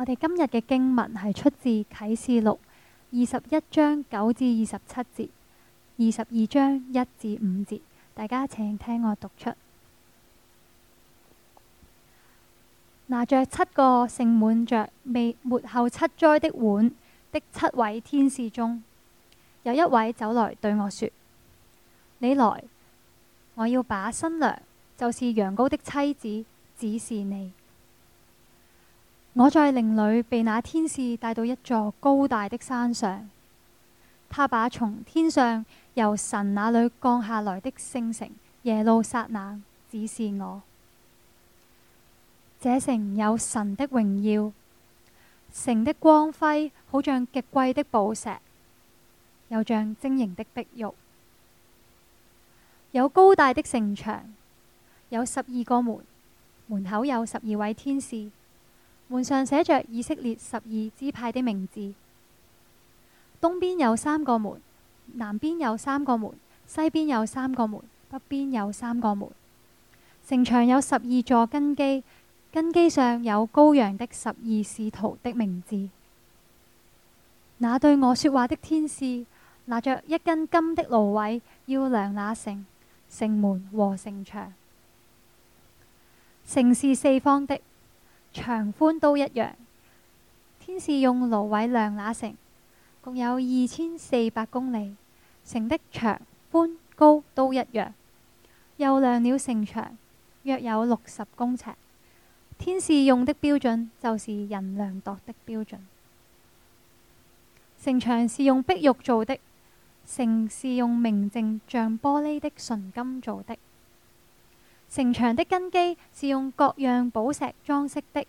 我哋今日嘅經文係出自啟示錄二十一章九至二十七節，二十二章一至五節。大家請聽我讀出。拿着七個盛滿着未末後七災的碗的七位天使中，有一位走來對我說：你來，我要把新娘，就是羊羔的妻子，指示你。我在靈裏被那天使帶到一座高大的山上，他把從天上由神那裏降下來的聖城耶路撒冷指示我。這城有神的榮耀，城的光輝好像極貴的寶石，又像晶瑩的碧玉，有高大的城牆，有十二個門，門口有十二位天使。門上寫着以色列十二支派的名字。東邊有三個門，南邊有三個門，西邊有三個門，北邊有三個門。城牆有十二座根基，根基上有羔羊的十二使徒的名字。那對我說話的天使拿着一根金的蘆葦，要量那城、城門和城牆。城是四方的。長寬都一樣，天使用蘆葦量那城，共有二千四百公里，城的長寬高都一樣。又量了城牆，約有六十公尺。天使用的標準就是人量度的標準。城牆是用碧玉做的，城是用明淨像玻璃的純金做的。城牆的根基是用各樣寶石裝飾的。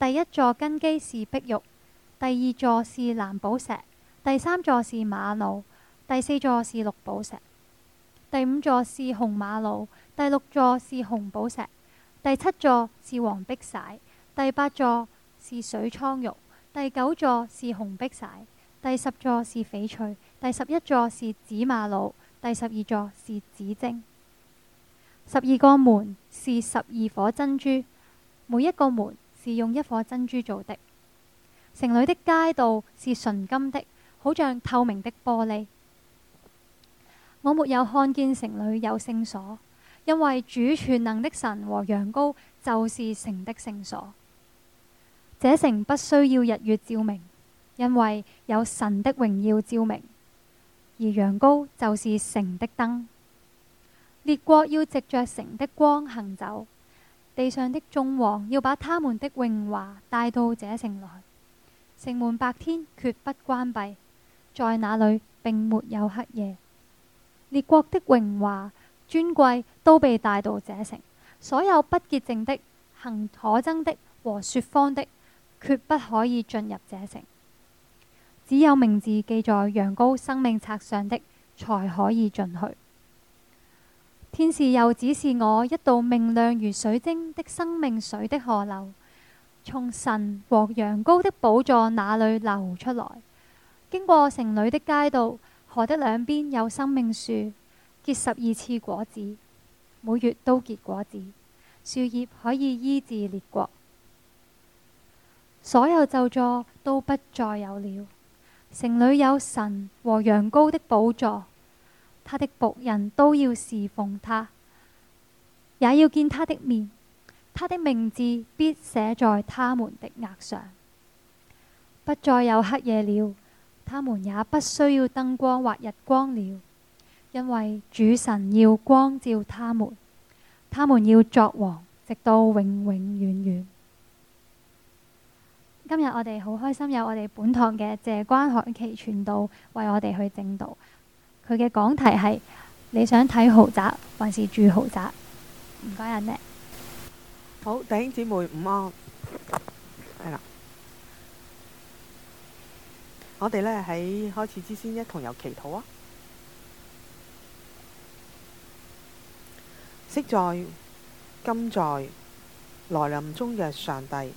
第一座根基是碧玉，第二座是藍寶石，第三座是瑪瑙，第四座是綠寶石，第五座是紅瑪瑙，第六座是紅寶石，第七座是黃碧璽，第八座是水蒼玉，第九座是紅碧璽，第十座是翡翠，第十一座是紫瑪瑙，第十二座是紫晶。十二個門是十二顆珍珠，每一個門是用一顆珍珠做的。城裏的街道是純金的，好像透明的玻璃。我沒有看見城裏有聖所，因為主全能的神和羊羔就是城的聖所。這城不需要日月照明，因為有神的榮耀照明，而羊羔就是城的燈。列國要藉著城的光行走，地上的眾王要把他們的榮華帶到這城來。城門白天決不關閉，在那裏並沒有黑夜。列國的榮華尊貴都被帶到這城，所有不潔淨的、行可憎的和說謊的，決不可以進入這城。只有名字記在羊羔生命冊上的，才可以進去。天使又指示我一道明亮如水晶的生命水的河流，從神和羊羔的寶座那裏流出來，經過城裏的街道。河的兩邊有生命樹，結十二次果子，每月都結果子。樹葉可以醫治列國，所有咒詛都不再有了。城裏有神和羊羔的寶座。他的僕人都要侍奉他，也要見他的面。他的名字必寫在他們的額上，不再有黑夜了，他們也不需要燈光或日光了，因為主神要光照他們，他們要作王，直到永永遠遠。今日我哋好開心有我哋本堂嘅謝關凱琪傳道為我哋去證道。佢嘅講題係：你想睇豪宅還是住豪宅？唔該人咧，好弟兄姊妹，午安，係啦。我哋呢喺開始之先，一同有祈禱啊！昔在，今在，來臨中嘅上帝，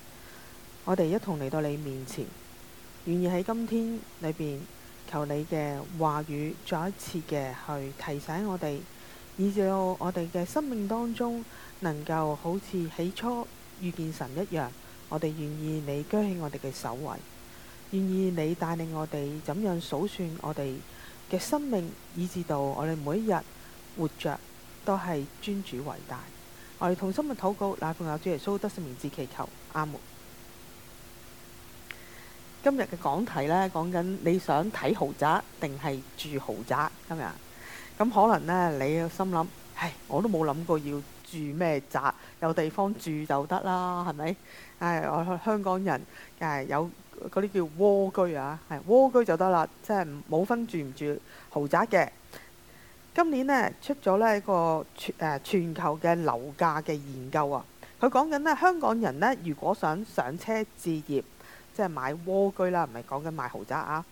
我哋一同嚟到你面前，願意喺今天裏邊。求你嘅話語再一次嘅去提醒我哋，以至到我哋嘅生命當中，能夠好似起初遇見神一樣，我哋願意你舉起我哋嘅首位，願意你帶領我哋，怎樣數算我哋嘅生命，以致到我哋每一日活着都係尊主為大。我哋同心嘅禱告，乃奉有主耶穌得勝名字祈求，阿門。今日嘅講題呢，講緊你想睇豪宅定係住豪宅？今日咁、嗯、可能呢，你心諗，唉，我都冇諗過要住咩宅，有地方住就得啦，係咪？唉，我香港人，係有嗰啲叫蝸居啊，係蝸居就得啦，即係冇分住唔住豪宅嘅。今年呢，出咗呢一個誒全、呃、全球嘅樓價嘅研究啊，佢講緊呢，香港人呢，如果想上車置業。即係買蝸居啦，唔係講緊買豪宅啊！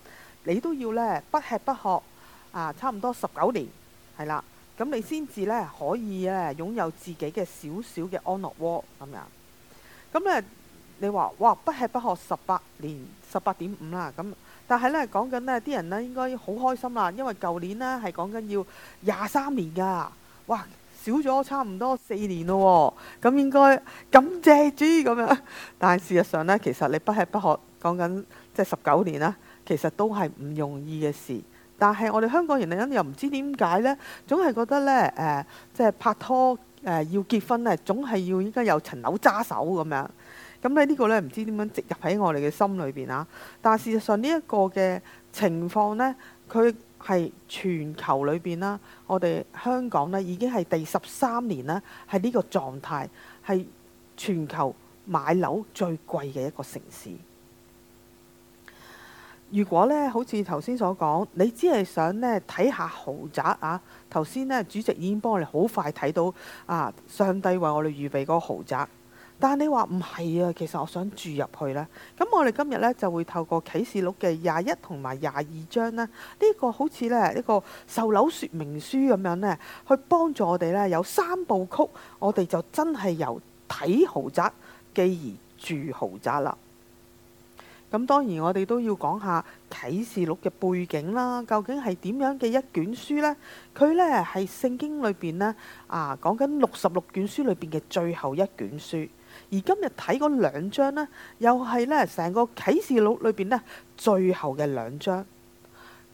你都要呢，不吃不喝啊，差唔多十九年係啦，咁你先至呢，可以呢擁有自己嘅少少嘅安樂窩咁樣。咁呢，你話哇，不吃不喝十八年十八點五啦，咁但係呢，講緊呢啲人呢，應該好開心啦，因為舊年呢，係講緊要廿三年噶哇。少咗差唔多四年咯喎，哦，咁應該感謝主咁樣。但係事實上呢，其實你不吃不喝講緊即係十九年啦，其實都係唔容易嘅事。但係我哋香港人咧又唔知點解呢，總係覺得呢，誒、呃，即、就、係、是、拍拖誒、呃、要結婚呢，總係要依家有層樓揸手咁樣。咁咧呢個呢，唔知點樣植入喺我哋嘅心裏邊啊。但係事實上呢一個嘅情況呢，佢。係全球裏邊啦，我哋香港呢已經係第十三年啦。係呢個狀態，係全球買樓最貴嘅一個城市。如果呢好似頭先所講，你只係想呢睇下豪宅啊，頭先呢主席已經幫我哋好快睇到啊，上帝為我哋預備嗰豪宅。但你話唔係啊？其實我想住入去呢。咁我哋今日呢，就會透過啟示錄嘅廿一同埋廿二章呢，呢個好似呢一個售樓説明書咁樣呢，去幫助我哋呢。有三部曲，我哋就真係由睇豪宅，繼而住豪宅啦。咁當然我哋都要講下啟示錄嘅背景啦。究竟係點樣嘅一卷書呢？佢呢係聖經裏邊呢，啊，講緊六十六卷書裏邊嘅最後一卷書。而今日睇嗰兩章呢，又係呢成個啟示錄裏邊呢最後嘅兩章。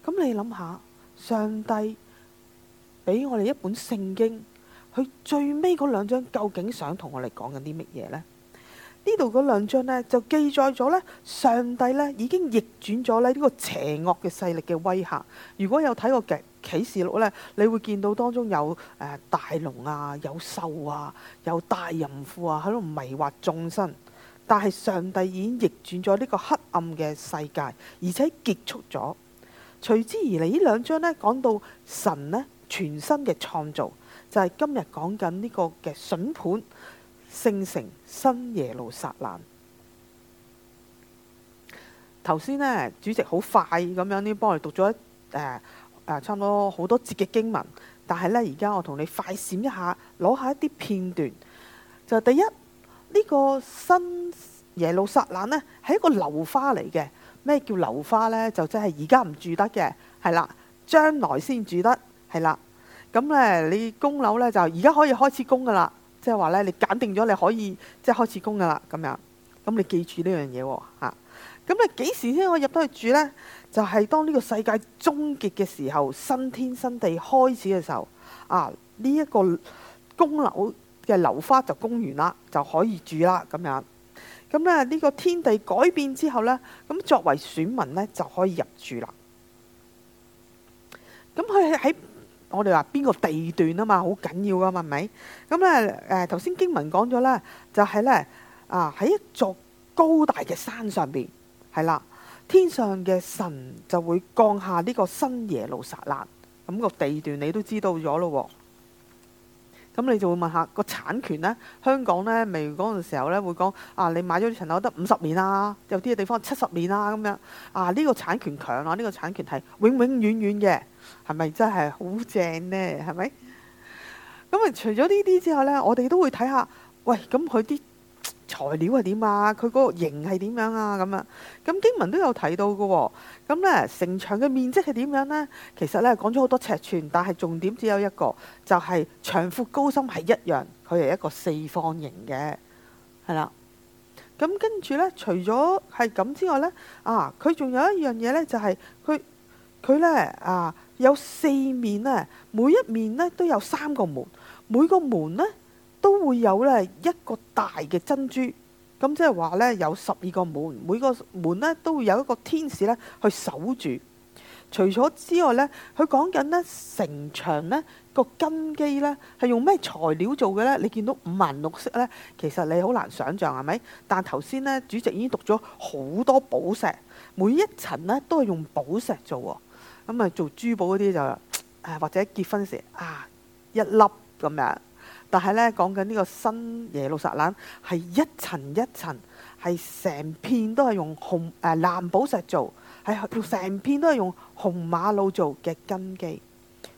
咁你諗下，上帝俾我哋一本聖經，佢最尾嗰兩章究竟想同我哋講緊啲乜嘢呢？呢度嗰兩章呢，就記載咗呢：上帝呢已經逆轉咗呢呢個邪惡嘅勢力嘅威嚇。如果有睇過嘅。啟示錄呢，你會見到當中有、呃、大龍啊，有獸啊，有大淫婦啊，喺度迷惑眾生。但係上帝已經逆轉咗呢個黑暗嘅世界，而且結束咗。隨之而嚟呢兩章呢，講到神呢全新嘅創造，就係、是、今日講緊呢個嘅筍盤聖城新耶路撒冷。頭先呢，主席好快咁樣呢幫我讀咗一誒。呃誒，差唔多好多節嘅經文，但係呢，而家我同你快閃一下，攞下一啲片段。就第一，呢、這個新耶路撒冷呢，係一個樓花嚟嘅。咩叫樓花呢？就即係而家唔住得嘅，係啦，將來先住得，係啦。咁咧，你供樓呢，就而家可以開始供噶啦，即係話呢，你揀定咗你可以即係、就是、開始供噶啦，咁樣。咁你記住呢樣嘢喎，咁你幾時先可以入到去住呢？就係當呢個世界終結嘅時候，新天新地開始嘅時候啊！呢一個供樓嘅樓花就供完啦，就可以住啦咁樣。咁咧呢個天地改變之後呢，咁作為選民呢，就可以入住啦。咁佢喺我哋話邊個地段啊嘛，好緊要噶嘛，係咪？咁咧誒頭先經文講咗呢，就係呢，啊喺一座高大嘅山上邊。係啦，天上嘅神就會降下呢個新耶路撒冷，咁個地段你都知道咗咯。咁你就會問下個產權呢？香港呢，咪嗰陣時候呢，會講啊，你買咗層樓得五十年啦、啊，有啲地方七十年啦、啊。咁樣。啊，呢個產權強啊，呢個產權係永永遠遠嘅，係咪真係好正呢，係咪？咁啊，除咗呢啲之後呢，我哋都會睇下，喂，咁佢啲。材料係點啊？佢嗰個形係點樣啊？咁啊，咁經文都有提到嘅。咁呢，城牆嘅面積係點樣呢？其實呢，講咗好多尺寸，但係重點只有一個，就係長闊高深係一樣，佢係一個四方形嘅，係啦。咁跟住呢，除咗係咁之外呢，啊，佢仲有一樣嘢呢，就係佢佢呢，啊，有四面呢，每一面呢都有三個門，每個門呢。都會有咧一個大嘅珍珠，咁即係話咧有十二個門，每個門咧都會有一個天使咧去守住。除咗之外咧，佢講緊咧城牆咧個根基咧係用咩材料做嘅咧？你見到五顏六色咧，其實你好難想象係咪？但頭先咧，主席已經讀咗好多寶石，每一層咧都係用寶石做喎。咁、嗯、啊，做珠寶嗰啲就誒，或者結婚時啊，一粒咁樣。但係呢，講緊呢個新耶路撒冷係一層一層，係成片都係用紅誒、呃、藍寶石做，係成片都係用紅瑪瑙做嘅根基。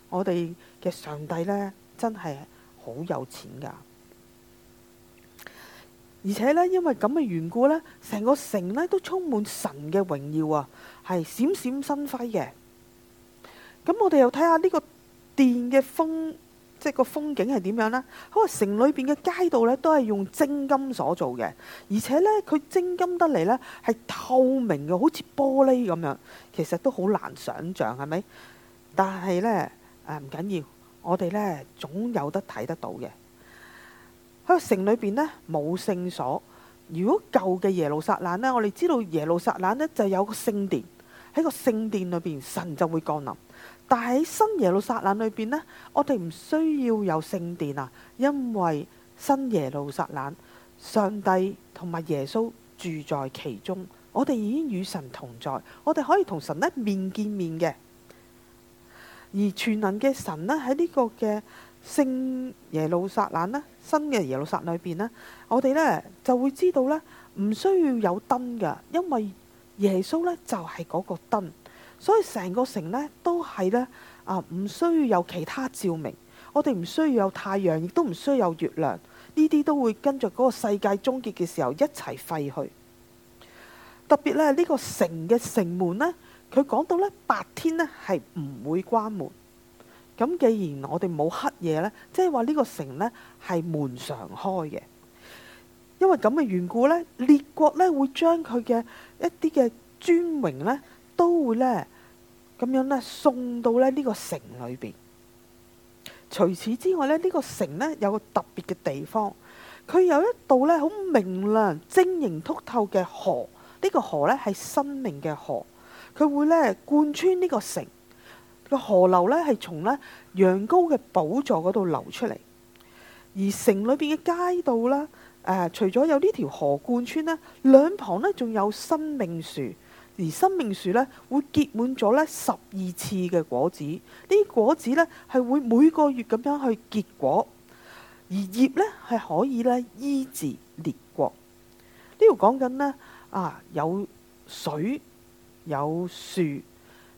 我哋嘅上帝呢，真係好有錢噶，而且呢，因為咁嘅緣故呢，成個城呢都充滿神嘅榮耀啊，係閃閃生輝嘅。咁我哋又睇下呢個殿嘅風。即係個風景係點樣呢？喺個城裏邊嘅街道呢，都係用精金所做嘅，而且呢，佢精金得嚟呢，係透明嘅，好似玻璃咁樣，其實都好難想象係咪？但係呢，唔緊要，我哋呢，總有得睇得到嘅。喺個城裏邊呢，冇聖所，如果舊嘅耶路撒冷呢，我哋知道耶路撒冷呢，就有個聖殿，喺個聖殿裏邊神就會降臨。但喺新耶路撒冷裏邊呢，我哋唔需要有聖殿啊，因為新耶路撒冷上帝同埋耶穌住在其中，我哋已經與神同在，我哋可以同神呢面見面嘅。而全能嘅神呢，喺呢個嘅聖耶路撒冷呢，新嘅耶路撒裏邊呢，我哋呢就會知道呢，唔需要有燈噶，因為耶穌呢就係嗰個燈。所以成個城呢，都係呢，啊，唔需要有其他照明，我哋唔需要有太陽，亦都唔需要有月亮，呢啲都會跟住嗰個世界終結嘅時候一齊廢去。特別呢，呢個城嘅城門呢，佢講到呢，白天呢係唔會關門。咁既然我哋冇黑夜呢，即係話呢個城呢係門常開嘅。因為咁嘅緣故呢，列國呢會將佢嘅一啲嘅尊榮呢。都會呢，咁樣呢，送到咧呢個城裏邊。除此之外呢，呢、這個城呢，有個特別嘅地方，佢有一道呢好明亮晶瑩剔透嘅河，呢、這個河呢，係生命嘅河，佢會呢，貫穿呢個城。個河流呢，係從呢羊羔嘅寶座嗰度流出嚟，而城裏邊嘅街道啦，誒、呃，除咗有呢條河貫穿呢，兩旁呢，仲有生命樹。而生命樹咧會結滿咗咧十二次嘅果子，呢啲果子咧係會每個月咁樣去結果，而葉咧係可以咧醫治列國。呢度講緊咧啊有水有樹，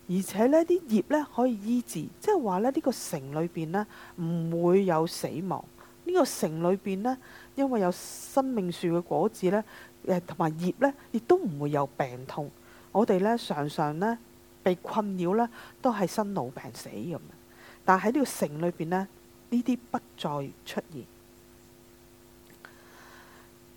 而且呢啲葉咧可以醫治，即係話咧呢個城裏邊咧唔會有死亡。呢個城裏邊咧，因為有生命樹嘅果子咧，誒同埋葉呢亦都唔會有病痛。我哋呢常常呢被困擾呢，都係生老病死咁。但喺呢個城裏邊呢，呢啲不再出現。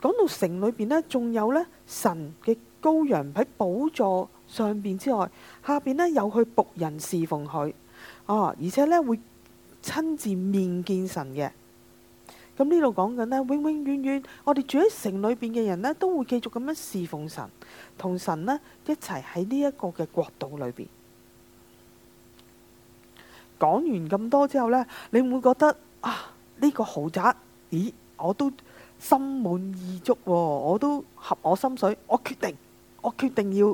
講到城裏邊呢，仲有呢神嘅羔羊喺寶座上邊之外，下邊呢有去僕人侍奉佢啊，而且呢會親自面見神嘅。咁呢度講緊呢，永永遠遠，我哋住喺城裏邊嘅人呢，都會繼續咁樣侍奉神，同神呢一齊喺呢一個嘅國度裏邊。講完咁多之後呢，你會覺得啊，呢個豪宅，咦，我都心滿意足，哦，我都合我心水，我決定，我決定要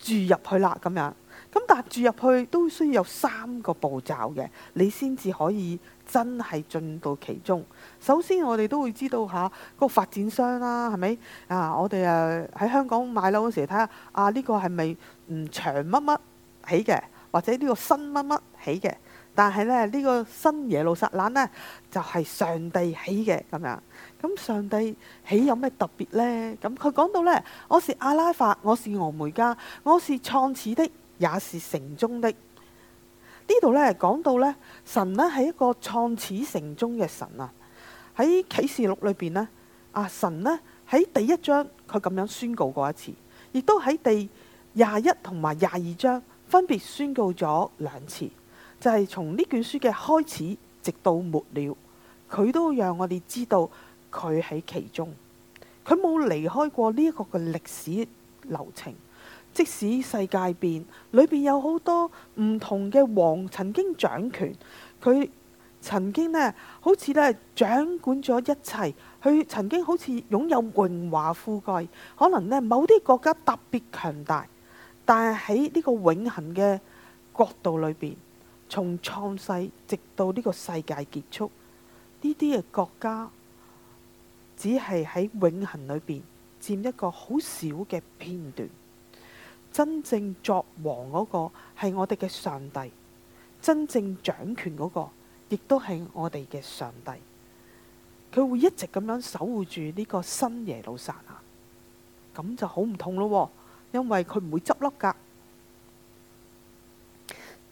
住入去啦，咁樣。咁搭住入去都需要有三個步驟嘅，你先至可以真係進到其中。首先，我哋都會知道下、那個發展商啦、啊，係咪啊？我哋誒喺香港買樓嗰時睇下啊，呢、這個係咪唔長乜乜起嘅，或者呢個新乜乜起嘅？但係咧，呢、這個新耶路撒冷呢，就係、是、上帝起嘅咁樣。咁、啊、上帝起有咩特別呢？咁佢講到呢，我是阿拉法，我是俄梅加，我是創始的，也是成終的呢度呢，講到呢，神呢，係一個創始成終嘅神啊！喺啟示錄裏邊呢，阿、啊、神呢，喺第一章佢咁樣宣告過一次，亦都喺第廿一同埋廿二章分別宣告咗兩次，就係、是、從呢卷書嘅開始直到末了，佢都讓我哋知道佢喺其中，佢冇離開過呢一個嘅歷史流程。即使世界變，裏邊有好多唔同嘅王曾經掌權，佢曾經呢好似呢掌管咗一切，佢曾經好似擁有榮華富貴。可能呢某啲國家特別強大，但係喺呢個永恆嘅角度裏邊，從創世直到呢個世界結束，呢啲嘅國家只係喺永恆裏邊佔一個好少嘅片段。真正作王嗰個係我哋嘅上帝，真正掌權嗰個亦都係我哋嘅上帝。佢會一直咁樣守護住呢個新耶路撒冷，咁就好唔同咯。因為佢唔會執笠噶。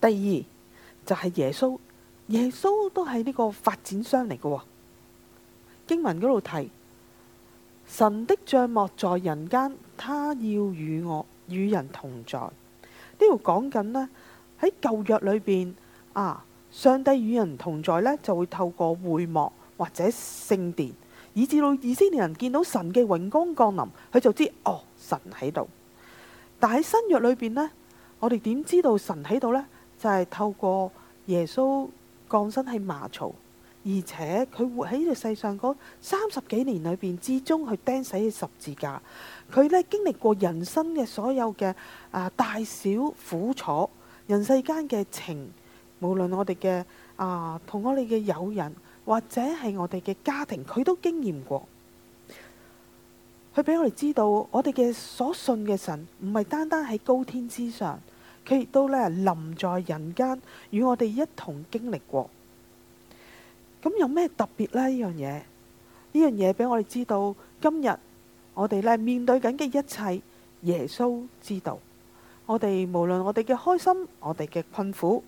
第二就係、是、耶穌，耶穌都係呢個發展商嚟嘅。經文嗰度提，神的帳幕在人間，他要與我，與人同在，呢度講緊呢，喺舊約裏邊啊，上帝與人同在呢，就會透過會幕或者聖殿，以至到以色列人見到神嘅榮光降臨，佢就知哦，神喺度。但喺新約裏邊呢，我哋點知道神喺度呢？就係、是、透過耶穌降生喺馬槽，而且佢活喺呢個世上嗰三十幾年裏邊，至終去釘死喺十字架。佢呢經歷過人生嘅所有嘅啊大小苦楚，人世間嘅情，無論我哋嘅啊同我哋嘅友人或者係我哋嘅家庭，佢都經驗過。佢俾我哋知道，我哋嘅所信嘅神唔係單單喺高天之上，佢亦都呢臨在人間，與我哋一同經歷過。咁有咩特別呢？呢樣嘢呢樣嘢俾我哋知道，今日。我哋呢面對緊嘅一切，耶穌知道。我哋無論我哋嘅開心，我哋嘅困苦，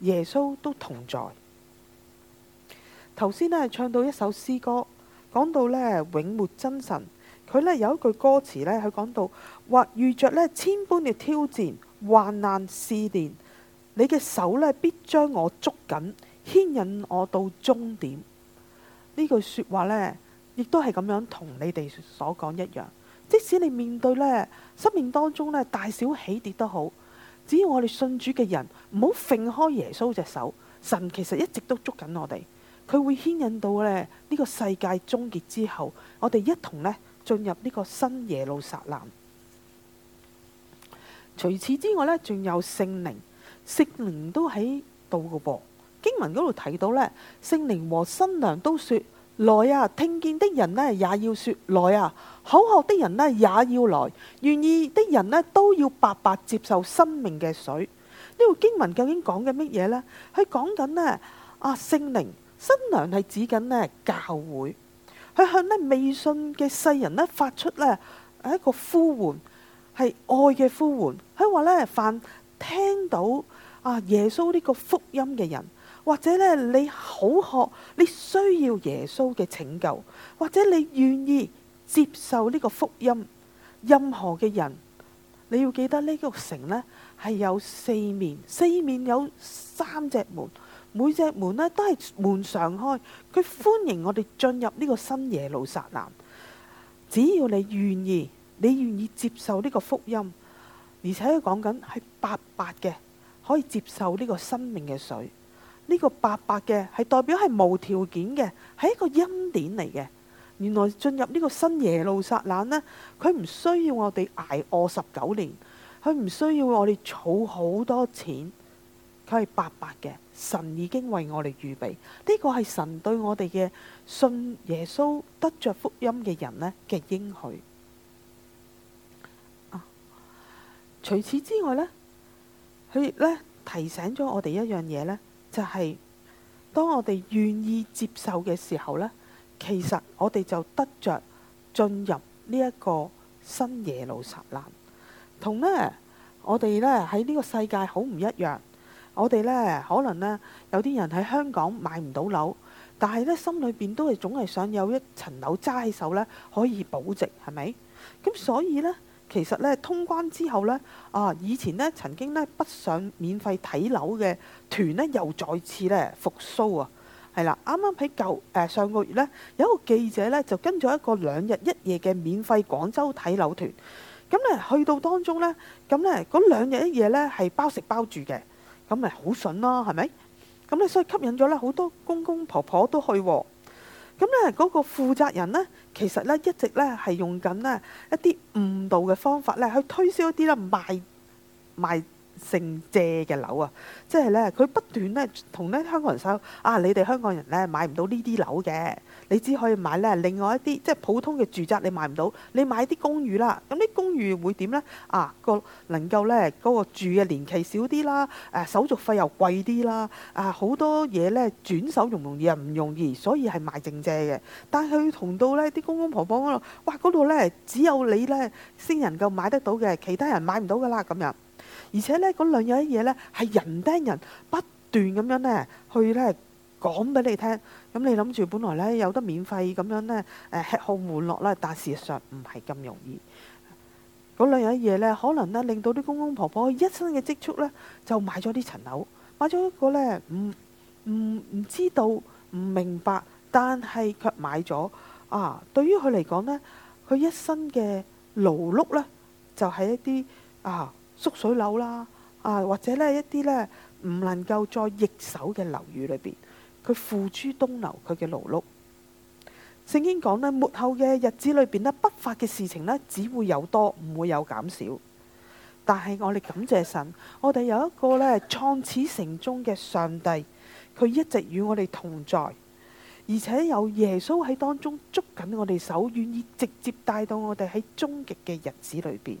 耶穌都同在。頭先呢唱到一首詩歌，講到呢永活真神，佢呢有一句歌詞呢，佢講到或遇着呢千般嘅挑戰、患難、試煉，你嘅手呢必將我捉緊，牽引我到終點。呢句說話呢。亦都係咁樣同你哋所講一樣，即使你面對咧生命當中咧大小起跌都好，只要我哋信主嘅人唔好甩開耶穌隻手，神其實一直都捉緊我哋，佢會牽引到咧呢個世界終結之後，我哋一同咧進入呢個新耶路撒冷。除此之外咧，仲有聖靈，聖靈都喺度噶噃。經文嗰度提到咧，聖靈和新娘都說。來啊！聽見的人呢，也要說來啊！口渴的人呢，也要來，願意的人呢，都要白白接受生命嘅水。呢條經文究竟講緊乜嘢呢？佢講緊、啊、呢，啊聖靈新娘係指緊呢教會，佢向呢未信嘅世人呢發出呢一個呼喚，係愛嘅呼喚。佢話呢，凡聽到啊耶穌呢個福音嘅人。或者咧，你好渴，你需要耶穌嘅拯救；或者你願意接受呢個福音，任何嘅人，你要記得呢個城咧係有四面，四面有三隻門，每隻門咧都係門常開，佢歡迎我哋進入呢個新耶路撒冷。只要你願意，你願意接受呢個福音，而且佢講緊係白白嘅，可以接受呢個生命嘅水。呢個白白嘅係代表係無條件嘅，係一個恩典嚟嘅。原來進入呢個新耶路撒冷咧，佢唔需要我哋捱餓十九年，佢唔需要我哋儲好多錢，佢係白白嘅。神已經為我哋預備。呢個係神對我哋嘅信耶穌得着福音嘅人咧嘅應許啊。除此之外咧，佢亦咧提醒咗我哋一樣嘢咧。就係當我哋願意接受嘅時候呢，其實我哋就得着進入呢一個新耶路撒冷，同呢，我哋呢喺呢個世界好唔一樣。我哋呢可能呢有啲人喺香港買唔到樓，但係呢心裏邊都係總係想有一層樓揸喺手呢可以保值，係咪？咁所以呢。其實呢，通關之後呢，啊，以前呢，曾經呢，北上免費睇樓嘅團呢，又再次呢，復甦啊，係啦，啱啱喺舊誒、呃、上個月呢，有一個記者呢，就跟咗一個兩日一夜嘅免費廣州睇樓團，咁呢，去到當中呢，咁呢，嗰兩日一夜呢，係包食包住嘅，咁咪好筍咯，啊，係咪？咁呢，所以吸引咗呢，好多公公婆婆都去喎。咁咧嗰個負責人咧，其實咧，一直咧，係用緊咧一啲誤導嘅方法咧，去推銷一啲咧賣賣。賣賣剩蔗嘅樓啊，即係呢，佢不斷呢，同呢香港人收啊。你哋香港人呢，買唔到呢啲樓嘅，你只可以買呢另外一啲即係普通嘅住宅，你買唔到。你買啲公寓啦，咁啲公寓會點呢？啊？個能夠呢，嗰、嗰個住嘅年期少啲啦，誒手續費又貴啲啦，啊好、啊、多嘢呢，轉手容唔容易？唔容易，所以係賣剩蔗嘅。但係佢同到呢啲公公婆婆嗰度，哇！嗰度呢，只有你呢先能夠買得到嘅，其他人買唔到㗎啦咁樣。而且咧，嗰兩樣嘢咧係人盯人不斷咁樣咧去咧講俾你聽。咁你諗住，本來咧有得免費咁樣咧誒吃喝玩樂咧，但事實上唔係咁容易。嗰兩樣嘢咧，可能咧令到啲公公婆婆一生嘅積蓄咧就買咗呢層樓，買咗一個咧唔唔唔知道唔明白，但係卻買咗啊。對於佢嚟講咧，佢一生嘅勞碌咧就係一啲啊，縮水樓啦，啊或者咧一啲咧唔能夠再易手嘅樓宇裏邊，佢付諸東流，佢嘅勞碌。聖經講咧末後嘅日子裏邊咧不法嘅事情咧只會有多，唔會有減少。但係我哋感謝神，我哋有一個咧創始成終嘅上帝，佢一直與我哋同在，而且有耶穌喺當中捉緊我哋手，願意直接帶到我哋喺終極嘅日子裏邊。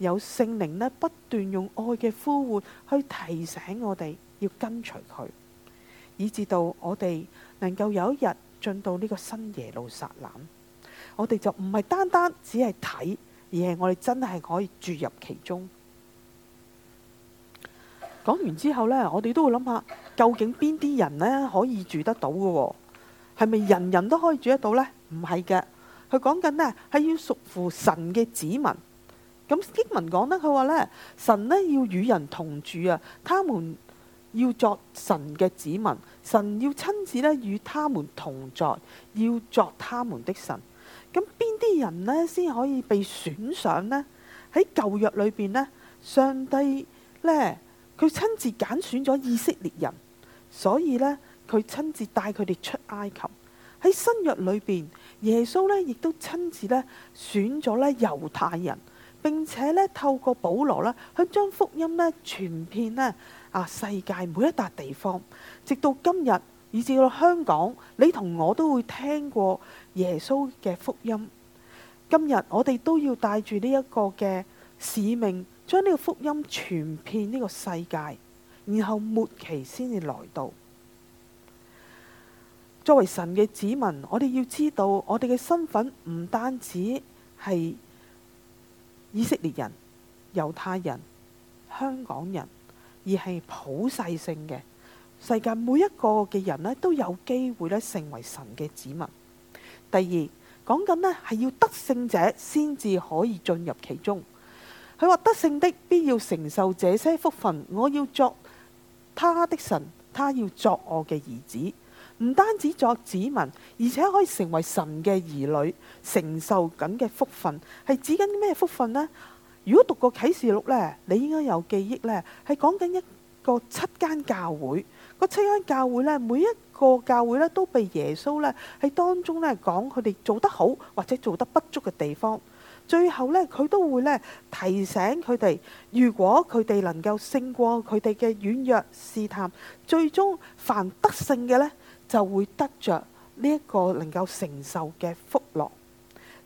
有聖靈呢，不斷用愛嘅呼喚去提醒我哋要跟隨佢，以至到我哋能夠有一日進到呢個新耶路撒冷，我哋就唔係單單只係睇，而係我哋真係可以住入其中。講完之後呢，我哋都會諗下究竟邊啲人呢可以住得到嘅？係咪人人都可以住得到呢？唔係嘅，佢講緊呢係要屬乎神嘅子民。咁經文講得，佢話呢，呢神呢要與人同住啊，他們要作神嘅子民，神要親自呢與他們同在，要作他們的神。咁邊啲人呢先可以被選上呢？喺舊約裏邊呢，上帝呢，佢親自揀選咗以色列人，所以呢，佢親自帶佢哋出埃及。喺新約裏邊，耶穌呢亦都親自呢選咗呢猶太人。並且咧，透過保羅咧，去將福音咧傳遍咧啊世界每一笪地方，直到今日，以至到香港，你同我都會聽過耶穌嘅福音。今日我哋都要帶住呢一個嘅使命，將呢個福音傳遍呢個世界，然後末期先至來到。作為神嘅子民，我哋要知道，我哋嘅身份唔單止係。以色列人、猶太人、香港人，而係普世性嘅世界，每一個嘅人咧都有機會咧成為神嘅子民。第二，講緊咧係要得勝者先至可以進入其中。佢話得勝的必要承受這些福分，我要作他的神，他要作我嘅兒子。唔單止作子民，而且可以成為神嘅兒女，承受緊嘅福分。係指緊啲咩福分呢？如果讀過啟示錄呢，你應該有記憶呢，係講緊一個七間教會。個七間教會呢，每一個教會呢，都被耶穌呢喺當中呢講佢哋做得好或者做得不足嘅地方。最後呢，佢都會呢提醒佢哋，如果佢哋能夠勝過佢哋嘅軟弱試探，最終凡得勝嘅呢。就會得著呢一個能夠承受嘅福樂，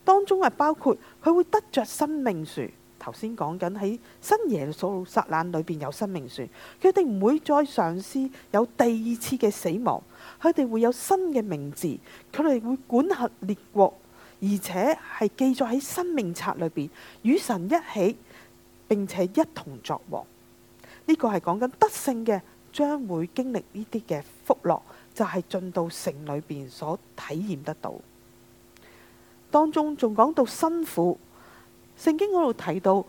當中係包括佢會得著生命樹。頭先講緊喺新耶路撒冷裏邊有生命樹，佢哋唔會再嘗試有第二次嘅死亡，佢哋會有新嘅名字，佢哋會管轄列國，而且係記載喺生命冊裏邊，與神一起並且一同作王。呢個係講緊得勝嘅將會經歷呢啲嘅福樂。就係進到城裏邊所體驗得到，當中仲講到辛苦。聖經嗰度提到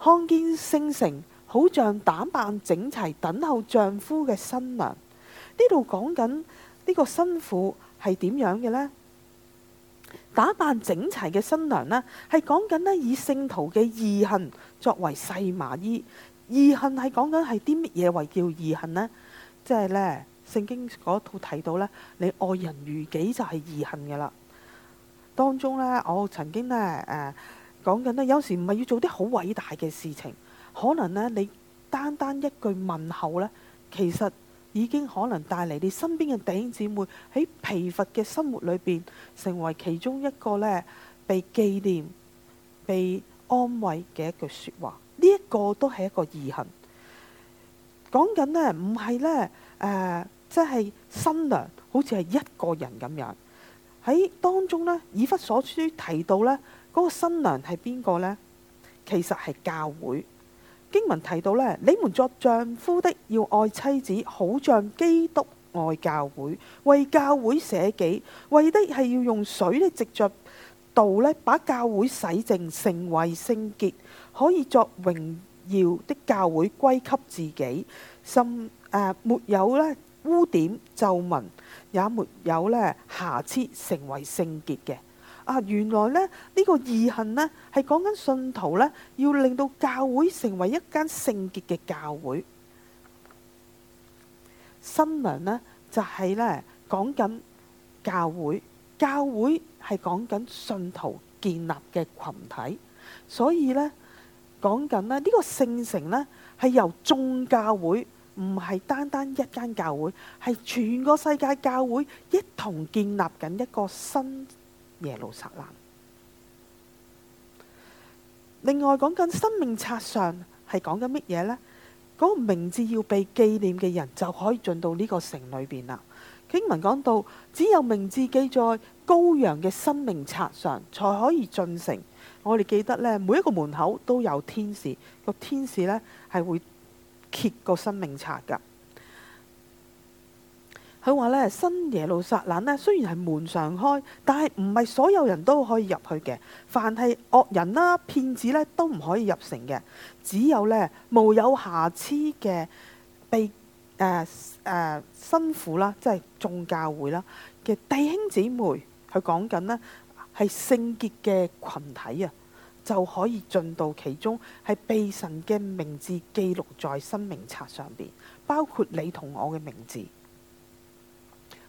看見聖城，好像打扮整齊等候丈夫嘅新娘。呢度講緊呢個辛苦係點樣嘅呢？打扮整齊嘅新娘呢，係講緊呢以聖徒嘅義行作為細麻衣。義行係講緊係啲乜嘢為叫義行呢？即係呢。聖經嗰套提到呢，你愛人如己就係義行嘅啦。當中呢，我曾經呢誒講緊呢，有時唔係要做啲好偉大嘅事情，可能呢，你單單一句問候呢，其實已經可能帶嚟你身邊嘅弟兄姊妹喺疲乏嘅生活裏邊，成為其中一個呢被紀念、被安慰嘅一句説話。呢一個都係一個義行。講緊呢，唔係呢。誒、呃。即係新娘，好似係一個人咁樣喺當中咧。以弗所書提到咧，嗰個新娘係邊個咧？其實係教會。經文提到咧，你們作丈夫的要愛妻子，好像基督愛教會，為教會捨己，為的係要用水的藉著道咧，把教會洗淨，成為聖潔，可以作榮耀的教會歸給自己。甚誒，沒有咧。污點、皺紋也沒有呢瑕疵，成為聖潔嘅啊！原來呢呢個義行呢係講緊信徒呢要令到教會成為一間聖潔嘅教會。新娘呢就係呢講緊教會，教會係講緊信徒建立嘅群體，所以呢講緊呢呢個聖城呢係由眾教會。唔係單單一間教會，係全個世界教會一同建立緊一個新耶路撒冷。另外講緊生命冊上係講緊乜嘢呢？嗰個名字要被紀念嘅人就可以進到呢個城裏邊啦。經文講到，只有名字記在羔羊嘅生命冊上，才可以進城。我哋記得呢，每一個門口都有天使，個天使呢係會。揭個生命冊噶，佢話呢，新耶路撒冷呢，雖然係門常開，但係唔係所有人都可以入去嘅。凡係惡人啦、騙子呢，都唔可以入城嘅。只有呢，冇有瑕疵嘅被誒誒，信、呃、徒、呃、啦，即係眾教會啦嘅弟兄姊妹，佢講緊呢，係聖潔嘅群體啊。就可以進到其中，係被神嘅名字記錄在生命冊上邊，包括你同我嘅名字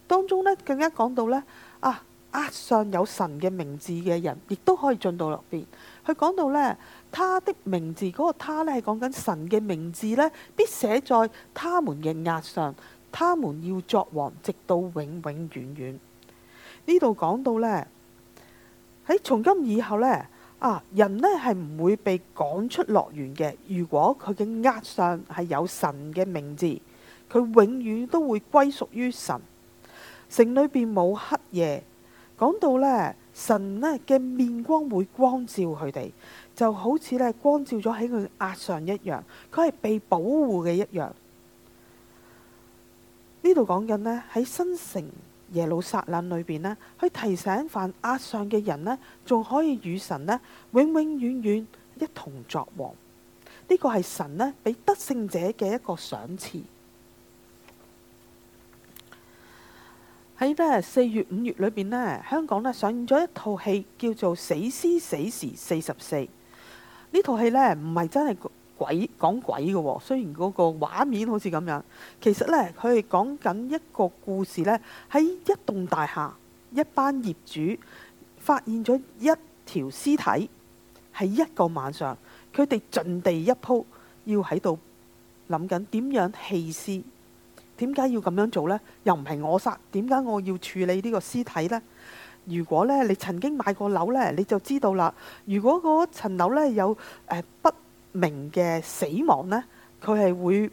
當中呢，更加講到呢，啊，額、啊、上有神嘅名字嘅人，亦都可以進到入邊。佢講到呢，他的名字嗰、那個他呢，係講緊神嘅名字呢，必寫在他們嘅額上，他們要作王，直到永永遠遠。呢度講到呢，喺從今以後呢。啊，人呢係唔會被趕出樂園嘅。如果佢嘅額上係有神嘅名字，佢永遠都會歸屬於神。城裏邊冇黑夜。講到呢，神呢嘅面光會光照佢哋，就好似呢光照咗喺佢額上一樣，佢係被保護嘅一樣。呢度講緊呢，喺新城。耶路撒冷裏邊呢去提醒犯押上嘅人呢仲可以與神呢永永遠遠一同作王。呢個係神呢俾得勝者嘅一個賞賜。喺呢四月五月裏邊呢香港呢上演咗一套戲，叫做《死屍死時四十四》。呢套戲呢，唔係真係。鬼講鬼嘅喎，雖然嗰個畫面好似咁樣，其實呢佢哋講緊一個故事呢，喺一棟大廈，一班業主發現咗一條屍體，喺一個晚上，佢哋盡地一鋪，要喺度諗緊點樣棄屍，點解要咁樣做呢？又唔係我殺，點解我要處理呢個屍體呢？如果呢你曾經買過樓呢，你就知道啦。如果嗰層樓呢有誒不明嘅死亡呢，佢係會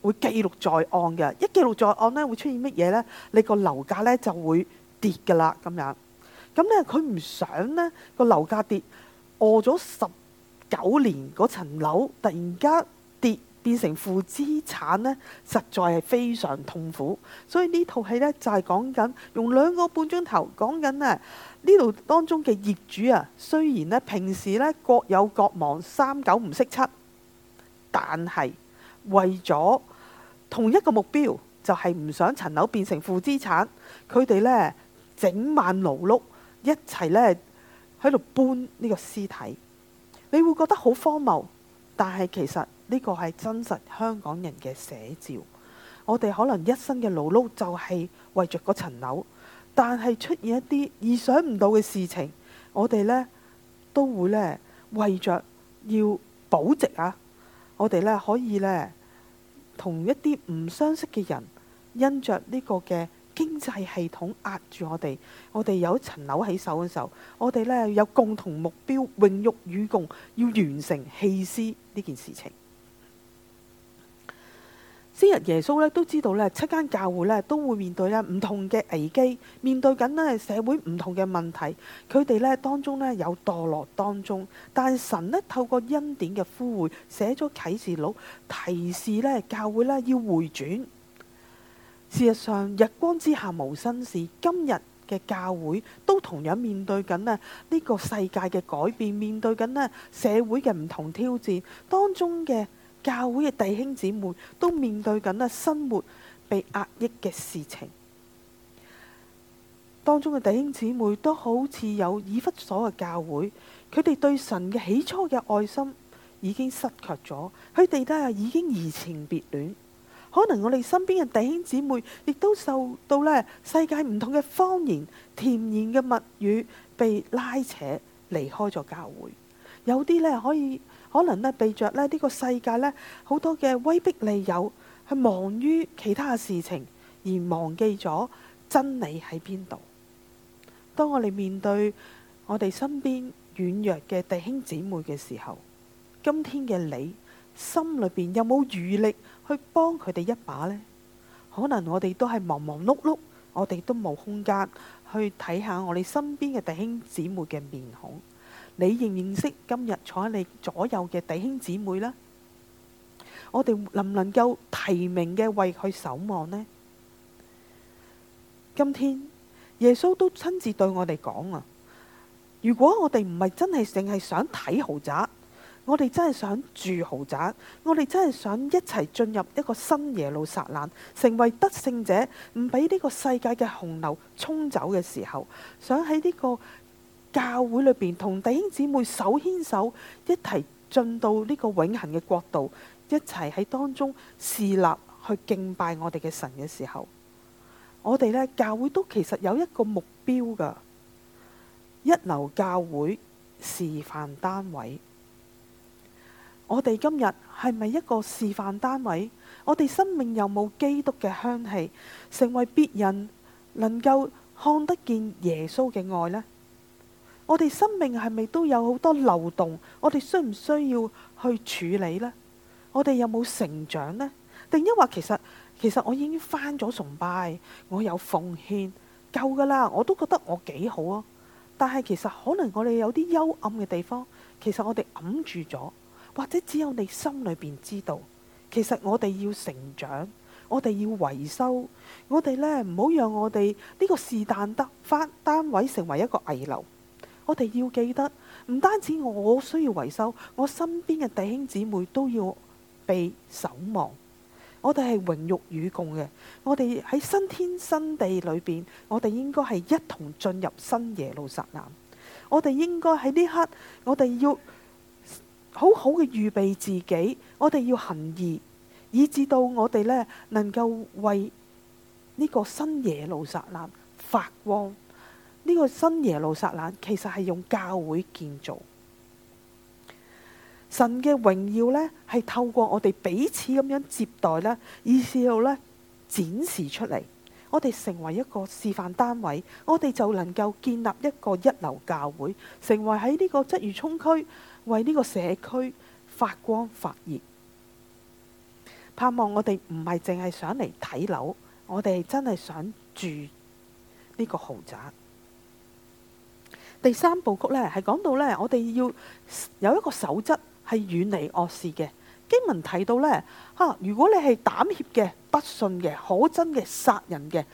會記錄在案嘅。一記錄在案呢，會出現乜嘢呢？你個樓價呢就會跌噶啦，咁樣。咁、嗯、呢，佢唔想呢個樓價跌，餓咗十九年嗰層樓突然間跌變成負資產呢，實在係非常痛苦。所以呢套戲呢，就係、是、講緊用兩個半鐘頭講緊啊。呢度當中嘅業主啊，雖然呢平時呢各有各忙，三九唔識七，但係為咗同一個目標，就係唔想層樓變成負資產，佢哋呢，整晚勞碌，一齊呢喺度搬呢個屍體。你會覺得好荒謬，但係其實呢個係真實香港人嘅寫照。我哋可能一生嘅勞碌就係為着個層樓。但係出現一啲意想唔到嘅事情，我哋呢都會呢為着要保值啊，我哋呢可以呢同一啲唔相識嘅人，因着呢個嘅經濟系統壓住我哋，我哋有一層樓喺手嘅時候，我哋呢有共同目標，榮辱與共，要完成棄屍呢件事情。昔日耶穌咧都知道咧，七間教會咧都會面對咧唔同嘅危機，面對緊咧社會唔同嘅問題。佢哋咧當中咧有墮落當中，但神咧透過恩典嘅呼喚，寫咗啟示錄，提示咧教會咧要回轉。事實上，日光之下無新事，今日嘅教會都同樣面對緊咧呢個世界嘅改變，面對緊咧社會嘅唔同挑戰，當中嘅。教會嘅弟兄姊妹都面對緊啦，生活被壓抑嘅事情。當中嘅弟兄姊妹都好似有以弗所嘅教會，佢哋對神嘅起初嘅愛心已經失卻咗，佢哋呢已經移情別戀。可能我哋身邊嘅弟兄姊妹亦都受到呢世界唔同嘅方言甜言嘅蜜語，被拉扯離開咗教會。有啲呢可以。可能呢被著呢呢個世界咧，好多嘅威逼利誘，去忙於其他事情而忘記咗真理喺邊度。當我哋面對我哋身邊軟弱嘅弟兄姊妹嘅時候，今天嘅你心裏邊有冇餘力去幫佢哋一把咧？可能我哋都係忙忙碌碌，我哋都冇空間去睇下我哋身邊嘅弟兄姊妹嘅面孔。你認唔認識今日坐喺你左右嘅弟兄姊妹呢？我哋能唔能夠提名嘅為佢守望呢？今天耶穌都親自對我哋講啊！如果我哋唔係真係淨係想睇豪宅，我哋真係想住豪宅，我哋真係想一齊進入一個新耶路撒冷，成為得勝者，唔俾呢個世界嘅洪流沖走嘅時候，想喺呢個。教會裏邊同弟兄姊妹手牽手一齊進到呢個永恒嘅國度，一齊喺當中侍立去敬拜我哋嘅神嘅時候，我哋呢教會都其實有一個目標㗎，一流教會示範單位。我哋今日係咪一個示範單位？我哋生命有冇基督嘅香氣，成為別人能夠看得見耶穌嘅愛呢？我哋生命係咪都有好多漏洞？我哋需唔需要去處理呢？我哋有冇成長呢？定抑或其實其實我已經返咗崇拜，我有奉獻夠噶啦，我都覺得我幾好啊。但係其實可能我哋有啲幽暗嘅地方，其實我哋揞住咗，或者只有你心裏邊知道。其實我哋要成長，我哋要維修，我哋呢唔好讓我哋呢、呢個是但得返單位成為一個危樓。我哋要記得，唔單止我需要維修，我身邊嘅弟兄姊妹都要被守望。我哋係榮辱與共嘅。我哋喺新天新地裏邊，我哋應該係一同進入新耶路撒冷。我哋應該喺呢一刻，我哋要好好嘅預備自己。我哋要行義，以至到我哋呢能夠為呢個新耶路撒冷發光。呢個新耶路撒冷其實係用教會建造，神嘅榮耀呢，係透過我哋彼此咁樣接待咧，以事後呢，展示出嚟。我哋成為一個示範單位，我哋就能夠建立一個一流教會，成為喺呢個鰂魚涌區為呢個社區發光發熱。盼望我哋唔係淨係想嚟睇樓，我哋真係想住呢個豪宅。第三部曲呢，係講到呢，我哋要有一個守則，係遠離惡事嘅。經文提到呢，嚇、啊。如果你係膽怯嘅、不信嘅、可憎嘅、殺人嘅、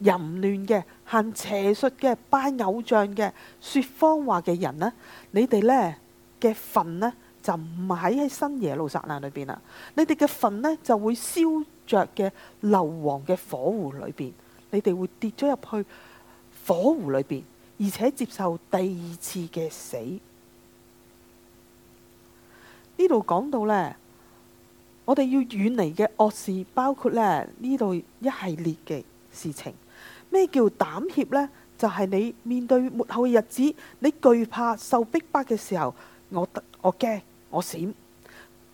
淫亂嘅、行邪術嘅、拜偶像嘅、説謊話嘅人呢，你哋呢嘅份呢，就唔喺喺新耶路撒冷裏邊啦。你哋嘅份呢，就會燒着嘅硫磺嘅火湖裏邊，你哋會跌咗入去火湖裏邊。而且接受第二次嘅死，呢度講到咧，我哋要遠離嘅惡事包括咧，呢度一系列嘅事情。咩叫膽怯咧？就係你面對末後嘅日子，你懼怕受逼迫嘅時候，我得我驚我閃，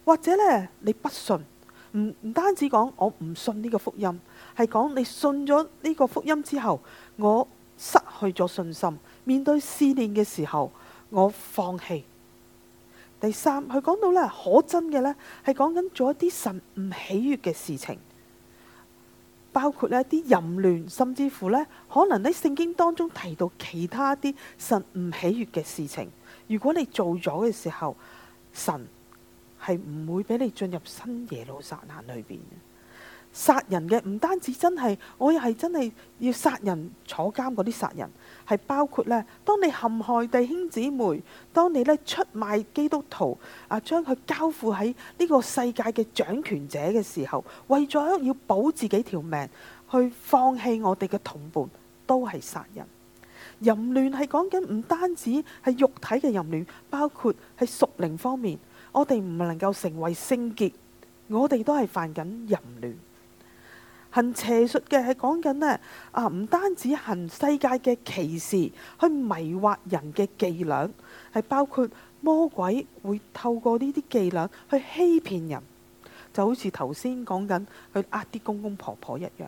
或者咧你不信，唔唔單止講我唔信呢個福音，係講你信咗呢個福音之後，我。失去咗信心，面對試煉嘅時候，我放棄。第三，佢講到呢，可憎嘅呢，係講緊做一啲神唔喜悅嘅事情，包括呢啲淫亂，甚至乎呢，可能喺聖經當中提到其他啲神唔喜悅嘅事情。如果你做咗嘅時候，神係唔會俾你進入新耶路撒冷裏邊嘅。殺人嘅唔單止真係，我又係真係要殺人坐監嗰啲，殺人係包括呢：當你陷害弟兄姊妹，當你呢，出賣基督徒啊，將佢交付喺呢個世界嘅掌權者嘅時候，為咗要保自己條命，去放棄我哋嘅同伴，都係殺人。淫亂係講緊唔單止係肉體嘅淫亂，包括係屬靈方面，我哋唔能夠成為聖潔，我哋都係犯緊淫亂。行邪術嘅係講緊呢，啊，唔單止行世界嘅歧視，去迷惑人嘅伎倆，係包括魔鬼會透過呢啲伎倆去欺騙人，就好似頭先講緊去呃啲公公婆婆一樣。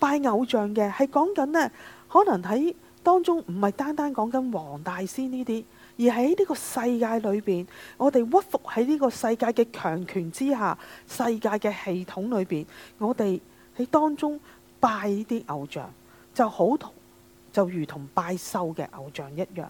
拜偶像嘅係講緊呢，可能喺當中唔係單單講緊黃大仙呢啲。而喺呢個世界裏邊，我哋屈服喺呢個世界嘅強權之下，世界嘅系統裏邊，我哋喺當中拜呢啲偶像，就好同就如同拜獸嘅偶像一樣。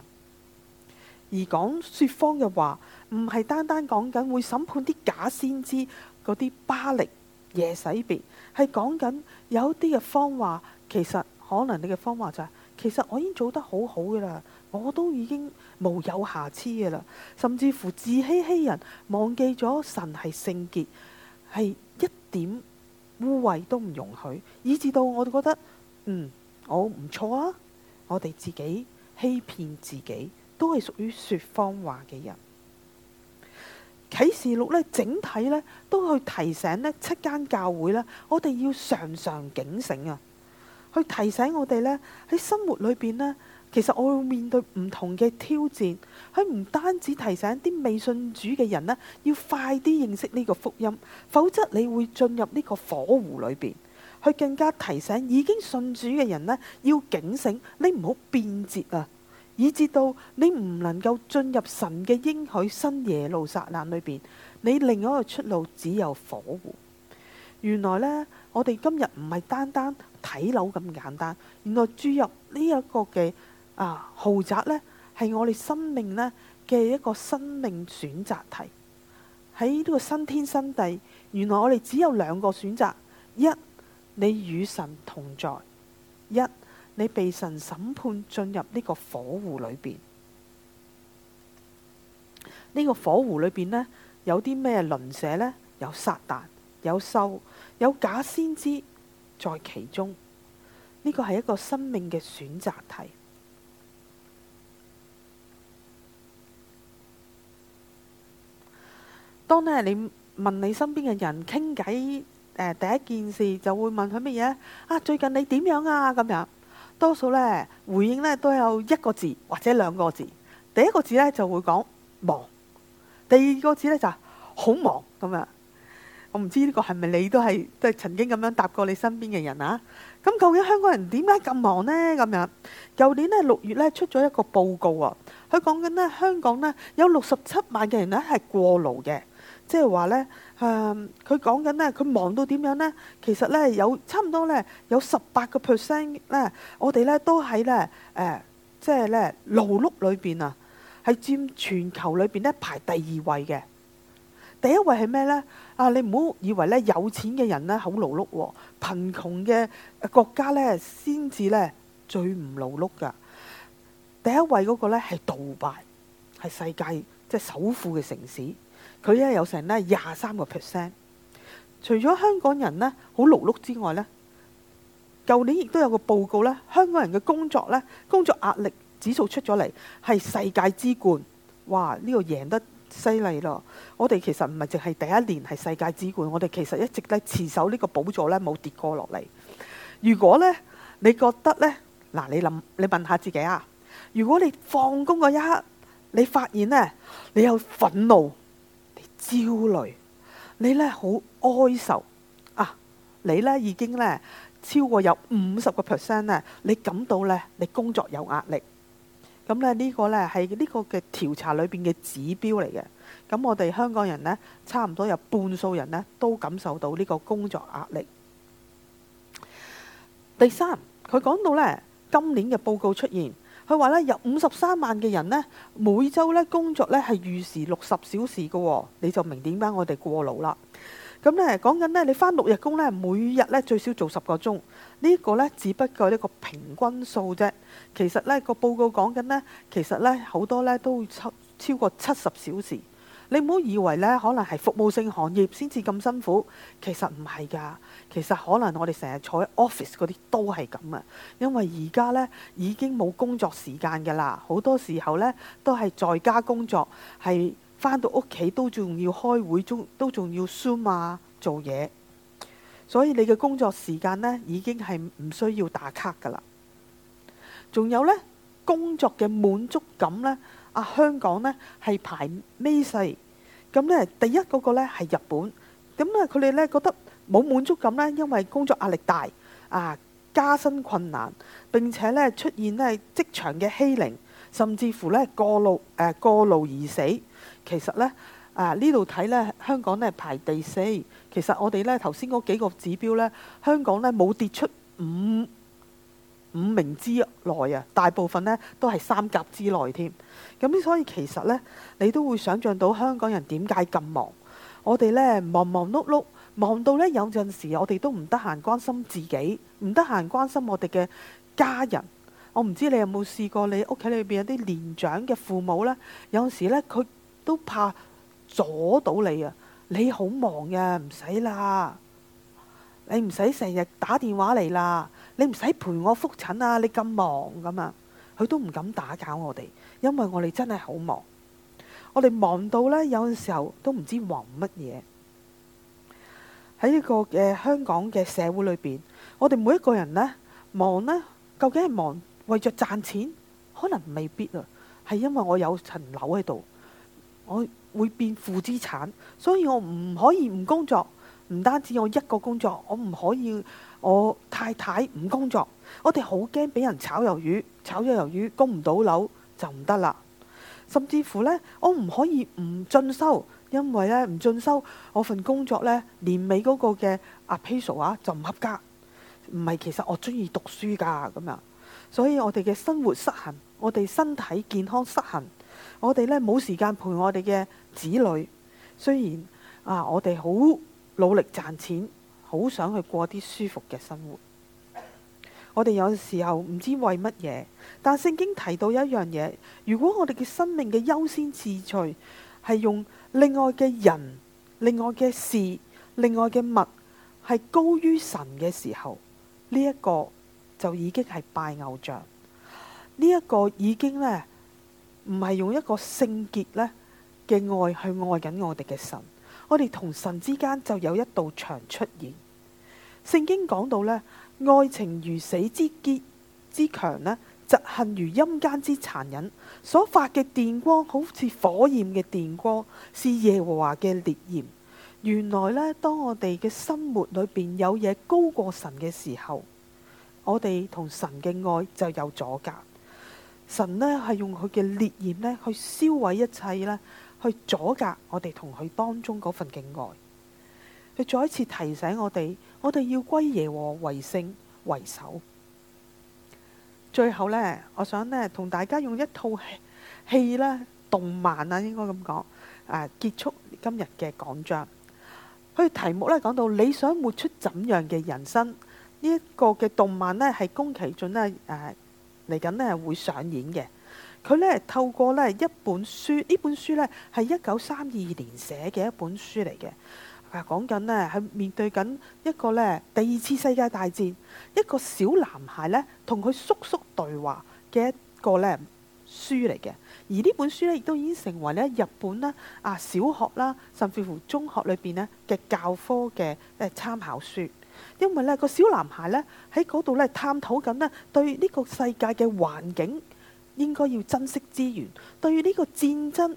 而講説謊嘅話，唔係單單講緊會審判啲假先知嗰啲巴力耶洗別，係講緊有啲嘅謊話，其實可能你嘅謊話就係、是、其實我已經做得好好嘅啦，我都已經。無有瑕疵嘅啦，甚至乎自欺欺人，忘記咗神係聖潔，係一點污穢都唔容許，以致到我哋覺得，嗯，我唔錯啊，我哋自己欺騙自己，都係屬於說謊話嘅人。啟示錄呢，整體呢，都去提醒呢，七間教會呢，我哋要常常警醒啊，去提醒我哋呢，喺生活裏邊呢。其實我要面對唔同嘅挑戰，佢唔單止提醒啲未信主嘅人呢，要快啲認識呢個福音，否則你會進入呢個火湖裏邊。佢更加提醒已經信主嘅人呢，要警醒你唔好變節啊，以至到你唔能夠進入神嘅應許新耶路撒冷裏邊，你另外一個出路只有火湖。原來呢，我哋今日唔係單單睇樓咁簡單，原來住入呢一個嘅。啊！豪宅呢，係我哋生命呢嘅一個生命選擇題。喺呢個新天新地，原來我哋只有兩個選擇：一，你與神同在；一，你被神審判進入呢個火湖裏邊。呢、這個火湖裏邊呢，有啲咩輪社呢？有撒旦，有獸，有假先知在其中。呢、這個係一個生命嘅選擇題。當咧你問你身邊嘅人傾偈，誒、呃、第一件事就會問佢乜嘢？啊，最近你點樣啊？咁樣多數咧回應咧都有一個字或者兩個字。第一個字咧就會講忙，第二個字咧就好、是、忙咁樣。我唔知呢個係咪你都係都係曾經咁樣答過你身邊嘅人啊？咁、啊、究竟香港人點解咁忙呢？咁樣舊年咧六月咧出咗一個報告啊，佢講緊咧香港咧有六十七萬嘅人咧係過勞嘅。即係話呢，誒、嗯，佢講緊呢，佢忙到點樣呢？其實呢，有差唔多呢，有十八個 percent 呢，我哋呢都喺呢，誒、呃，即係呢，勞碌裏邊啊，係佔全球裏邊呢排第二位嘅。第一位係咩呢？啊，你唔好以為呢，有錢嘅人呢好勞碌喎，貧窮嘅國家呢先至呢最唔勞碌㗎。第一位嗰個呢係杜拜，係世界即係、就是、首富嘅城市。佢咧有成咧廿三個 percent，除咗香港人咧好勞碌之外咧，舊年亦都有個報告咧，香港人嘅工作咧，工作壓力指數出咗嚟係世界之冠，哇！呢個贏得犀利咯。我哋其實唔係淨係第一年係世界之冠，我哋其實一直咧持守呢個寶座咧冇跌過落嚟。如果咧你覺得咧嗱，你諗你問下自己啊，如果你放工嗰一刻你發現咧你有憤怒。焦慮，你呢好哀愁啊！你呢已經呢超過有五十個 percent 呢，你感到呢你工作有壓力。咁呢呢個呢係呢個嘅調查裏邊嘅指標嚟嘅。咁、嗯、我哋香港人呢，差唔多有半數人呢都感受到呢個工作壓力。第三，佢講到呢今年嘅報告出現。佢話呢，有五十三萬嘅人呢，每週呢工作呢係預時六十小時嘅喎、哦，你就明點解我哋過勞啦。咁呢講緊呢，你返六日工呢，每日呢最少做十個鐘，呢、呢個呢只不過一個平均數啫。其實呢、呢個報告講緊呢，其實呢好多呢都超超過七十小時。你唔好以為呢，可能係服務性行業先至咁辛苦，其實唔係㗎。其實可能我哋成日坐喺 office 嗰啲都係咁啊。因為而家呢已經冇工作時間㗎啦，好多時候呢，都係在家工作，係返到屋企都仲要開會，中都仲要 Zoom 啊做嘢。所以你嘅工作時間呢，已經係唔需要打卡㗎啦。仲有呢，工作嘅滿足感呢。啊，香港咧係排尾四，咁咧第一嗰個咧係日本，咁咧佢哋咧覺得冇滿足感啦，因為工作壓力大，啊加薪困難，並且咧出現咧職場嘅欺凌，甚至乎咧過勞誒過勞而死。其實咧啊呢度睇咧香港咧排第四，其實我哋咧頭先嗰幾個指標咧香港咧冇跌出五。五名之內啊，大部分呢都係三甲之內添。咁所以其實呢，你都會想像到香港人點解咁忙。我哋呢，忙忙碌碌，忙到呢有陣時我哋都唔得閒關心自己，唔得閒關心我哋嘅家人。我唔知你有冇試過，你屋企裏邊有啲年長嘅父母呢，有時呢，佢都怕阻到你，你啊。你好忙呀，唔使啦，你唔使成日打電話嚟啦。你唔使陪我覆診啊！你咁忙㗎嘛？佢都唔敢打攪我哋，因為我哋真係好忙。我哋忙到呢，有陣時候都唔知忙乜嘢。喺呢個嘅、呃、香港嘅社會裏邊，我哋每一個人呢，忙呢，究竟係忙為咗賺錢？可能未必啊，係因為我有層樓喺度，我會變負資產，所以我唔可以唔工作。唔單止我一個工作，我唔可以。我太太唔工作，我哋好驚俾人炒魷魚，炒咗魷魚供唔到樓就唔得啦。甚至乎呢，我唔可以唔進修，因為呢，唔進修我份工作呢，年尾嗰個嘅啊批數啊就唔合格。唔係，其實我中意讀書噶咁樣，所以我哋嘅生活失衡，我哋身體健康失衡，我哋呢冇時間陪我哋嘅子女。雖然啊，我哋好努力賺錢。好想去過啲舒服嘅生活。 我哋有時候唔知為乜嘢，但聖經提到一樣嘢，如果我哋嘅生命嘅優先次序係用另外嘅人、另外嘅事、另外嘅物係高於神嘅時候，呢、這、一個就已經係拜偶像。呢、這、一個已經呢，唔係用一個聖潔呢嘅愛去愛緊我哋嘅神，我哋同神之間就有一道牆出現。聖經講到呢愛情如死之堅之強咧，嫉恨如陰間之殘忍。所發嘅電光好似火焰嘅電光，是耶和華嘅烈焰。原來呢，當我哋嘅生活裏邊有嘢高過神嘅時候，我哋同神嘅愛就有阻隔。神呢係用佢嘅烈焰咧去燒毀一切咧，去阻隔我哋同佢當中嗰份嘅愛。佢再一次提醒我哋。我哋要歸耶和為聖為首。最後呢，我想呢同大家用一套戲，戲啦、動漫啦，應該咁講，誒、啊、結束今日嘅講章。佢題目呢講到你想活出怎樣嘅人生？呢、這、一個嘅動漫呢係宮崎駿呢嚟緊、啊、呢會上演嘅。佢呢透過呢一本書，呢本書呢係一九三二年寫嘅一本書嚟嘅。講緊咧，係面對緊一個咧第二次世界大戰，一個小男孩咧同佢叔叔對話嘅一個咧書嚟嘅。而呢本書咧，亦都已經成為咧日本啦啊小學啦，甚至乎中學裏邊咧嘅教科嘅誒參考書。因為咧個小男孩咧喺嗰度咧探討緊咧對呢個世界嘅環境應該要珍惜資源，對呢個戰爭。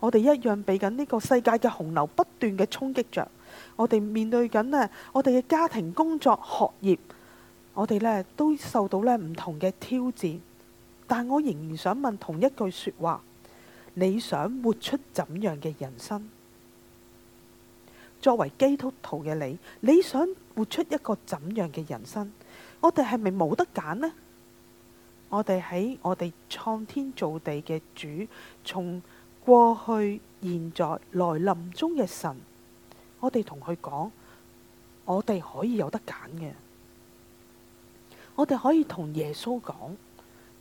我哋一樣俾緊呢個世界嘅洪流不斷嘅衝擊着，我哋面對緊呢，我哋嘅家庭、工作、學業，我哋呢都受到呢唔同嘅挑戰。但我仍然想問同一句說話：你想活出怎樣嘅人生？作為基督徒嘅你，你想活出一個怎樣嘅人生？我哋係咪冇得揀呢？我哋喺我哋創天造地嘅主從。過去、現在、來臨中嘅神，我哋同佢講，我哋可以有得揀嘅。我哋可以同耶穌講，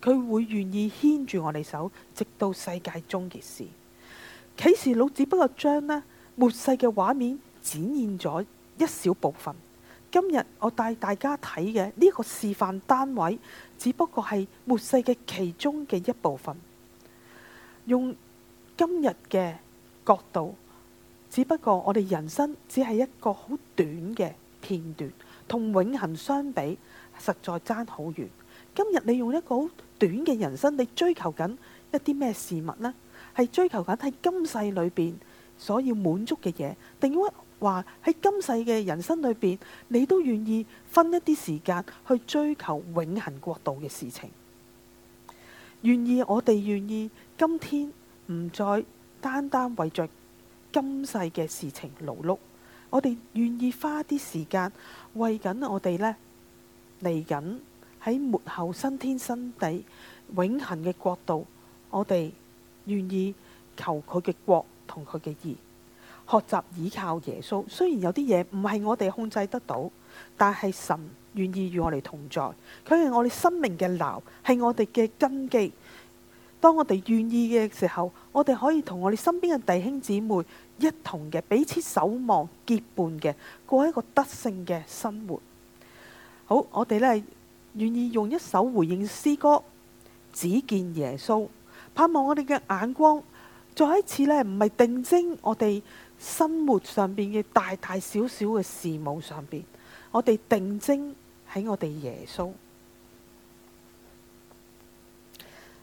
佢會願意牽住我哋手，直到世界終結時。啟示錄只不過將呢末世嘅畫面展現咗一小部分。今日我帶大家睇嘅呢個示範單位，只不過係末世嘅其中嘅一部分。用。今日嘅角度，只不過我哋人生只係一個好短嘅片段，同永恆相比，實在爭好遠。今日你用一個好短嘅人生，你追求緊一啲咩事物呢？係追求緊喺今世裏邊所要滿足嘅嘢，定抑或話喺今世嘅人生裏邊，你都願意分一啲時間去追求永恆國度嘅事情？願意，我哋願意今天。唔再單單為着今世嘅事情勞碌，我哋願意花啲時間為緊我哋咧嚟緊喺末後新天新地永恒嘅國度，我哋願意求佢嘅國同佢嘅義，學習倚靠耶穌，雖然有啲嘢唔係我哋控制得到，但係神願意與我哋同在，佢係我哋生命嘅牢，係我哋嘅根基。當我哋願意嘅時候，我哋可以同我哋身邊嘅弟兄姊妹一同嘅，彼此守望結伴嘅，過一個得勝嘅生活。好，我哋呢願意用一首回應詩歌，只見耶穌，盼望我哋嘅眼光再一次呢，唔係定睛我哋生活上邊嘅大大小小嘅事務上邊，我哋定睛喺我哋耶穌。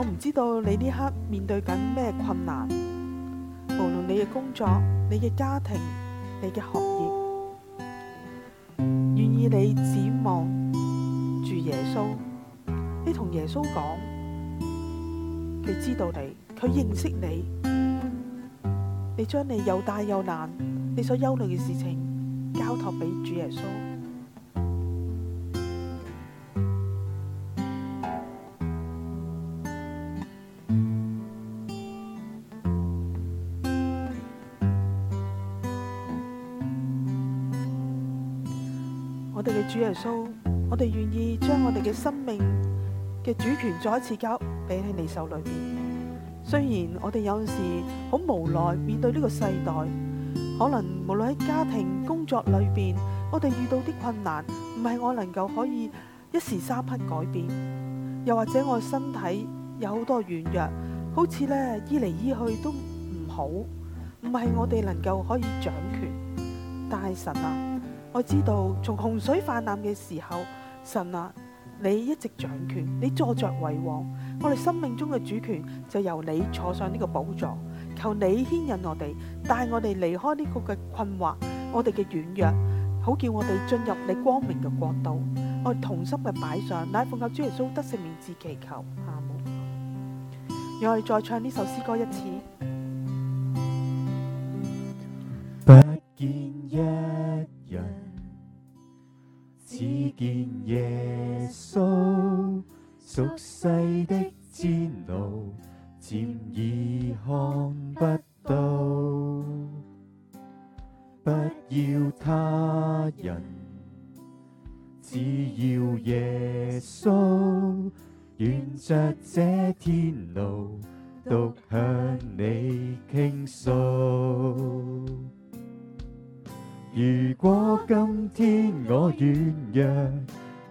我唔知道你呢刻面對緊咩困難，無論你嘅工作、你嘅家庭、你嘅學業，願意你指望住耶穌，你同耶穌講，佢知道你，佢認識你，你將你又大又難、你所憂慮嘅事情交託俾主耶穌。我哋願意將我哋嘅生命嘅主權再一次交俾喺你手裏邊。雖然我哋有陣時好無奈面對呢個世代，可能無論喺家庭、工作裏邊，我哋遇到啲困難，唔係我能夠可以一時三刻改變。又或者我身體有好多軟弱，好似呢，醫嚟醫去都唔好，唔係我哋能夠可以掌權。但係神啊！我知道從洪水泛濫嘅時候，神啊，你一直掌權，你坐着為王，我哋生命中嘅主權就由你坐上呢個寶座，求你牽引我哋，帶我哋離開呢個嘅困惑，我哋嘅軟弱，好叫我哋進入你光明嘅國度。我哋同心嘅擺上，乃奉靠主耶穌得勝名字祈求，阿門。讓我哋再唱呢首詩歌一次。俗世的煎熬，漸已看不到。不要他人，只要耶穌。沿着這天路，獨向你傾訴。如果今天我軟弱，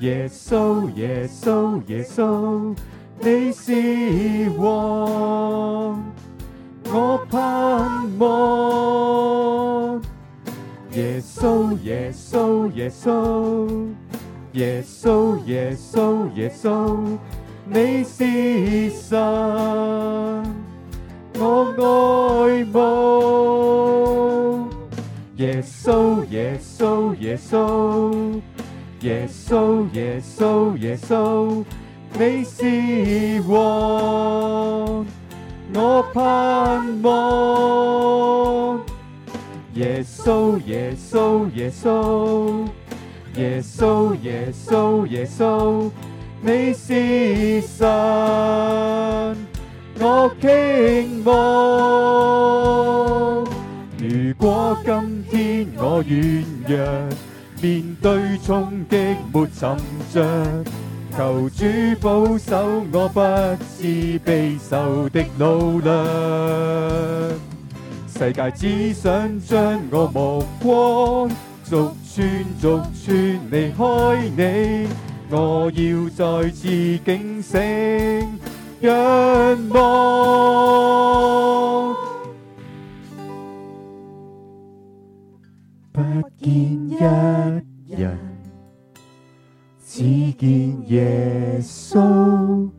耶穌耶穌耶穌，你是王，我盼望。耶穌耶穌耶穌，耶穌耶穌耶穌，你是神，我愛慕。耶穌耶穌耶穌。耶穌耶穌耶穌，你是王，我盼望。耶穌耶穌耶穌，耶穌耶穌耶穌，你是神，我傾慕。如果今天我軟弱，面對衝擊沒沉着，求主保守我不是被受的努力。世界只想將我目光逐寸逐寸離開你，我要再次警醒，仰望。不見一人，只見耶穌，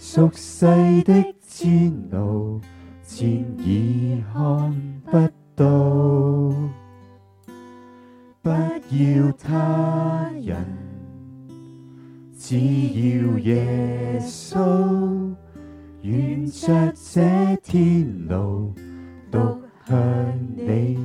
屬世的前路，漸已看不到。 不要他人，只要耶穌，沿着這天路，獨向你。